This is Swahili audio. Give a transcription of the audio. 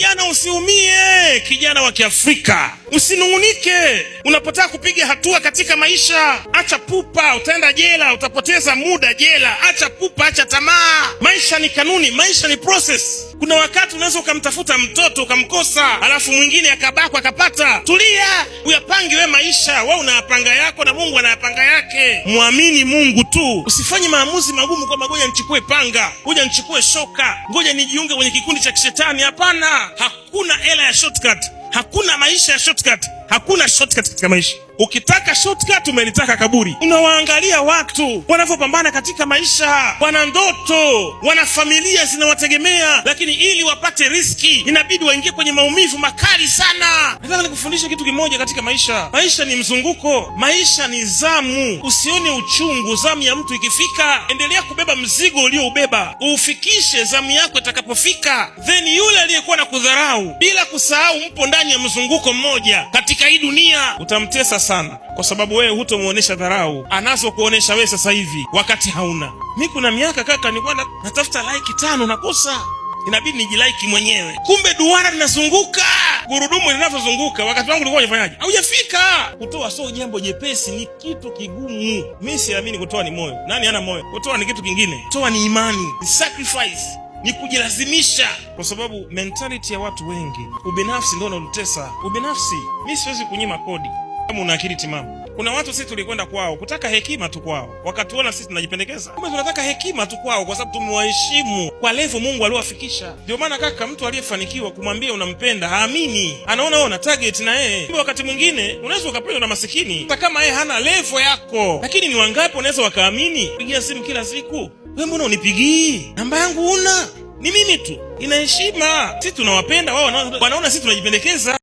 Kijana usiumie, kijana wa Kiafrika usinung'unike. Unapotaka kupiga hatua katika maisha, acha pupa, utaenda jela, utapoteza muda jela. Acha pupa, acha tamaa. Maisha ni kanuni, maisha ni process. Kuna wakati unaweza ukamtafuta mtoto ukamkosa, alafu mwingine akabakwa akapata. Tulia uyapa maisha wewe unayapanga yako na Mungu anayapanga yake. Mwamini Mungu tu, usifanye maamuzi magumu kwamba ngoja nichukue panga, ngoja nichukue shoka, ngoja nijiunge kwenye kikundi cha kishetani. Hapana, hakuna hela ya shortcut, hakuna maisha ya shortcut. Hakuna shortcut katika maisha. Ukitaka shortcut umelitaka kaburi. Unawaangalia watu wanavyopambana katika maisha, wana ndoto, wana familia zinawategemea, lakini ili wapate riski inabidi waingie kwenye maumivu makali sana. Nataka nikufundishe kitu kimoja katika maisha. Maisha ni mzunguko, maisha ni zamu. Usione uchungu zamu ya mtu ikifika, endelea kubeba mzigo ulioubeba ufikishe zamu yako itakapofika, then yule aliyekuwa na kudharau, bila kusahau mpo ndani ya mzunguko mmoja katika katika hii dunia utamtesa sana, kwa sababu wewe hutomwonyesha dharau anazokuonyesha wewe sasa hivi wakati hauna. Mi kuna miaka kaka, nilikuwa natafuta laiki tano nakosa, inabidi nijilaiki mwenyewe. Kumbe duara linazunguka gurudumu linavyozunguka. Wakati wangu ulikuwa unafanyaje? Haujafika. Kutoa sio jambo jepesi, ni kitu kigumu. Mi siamini kutoa ni moyo. Nani ana moyo? Kutoa ni kitu kingine. Kutoa ni imani, ni sacrifice ni kujilazimisha, kwa sababu mentality ya watu wengi, ubinafsi ndio unalotesa. Ubinafsi, mi siwezi kunyima kodi kama una akili timamu. Kuna watu sisi tulikwenda kwao kutaka hekima tu kwao, wakatuona sisi tunajipendekeza, kumbe tunataka hekima tu kwao, kwa sababu tumewaheshimu kwa levo Mungu aliowafikisha. Ndio maana kaka, mtu aliyefanikiwa kumwambia unampenda haamini, anaona ona target na yeye. Kumbe wakati mwingine unaweza ukapendwa na masikini, hata kama yeye hana levo yako, lakini ni wangapi unaweza wakaamini? Pigia simu kila siku we mbona unipigii? namba yangu una ni mimi tu, ina heshima. Sisi tunawapenda wao, wanaona sisi tunajipendekeza.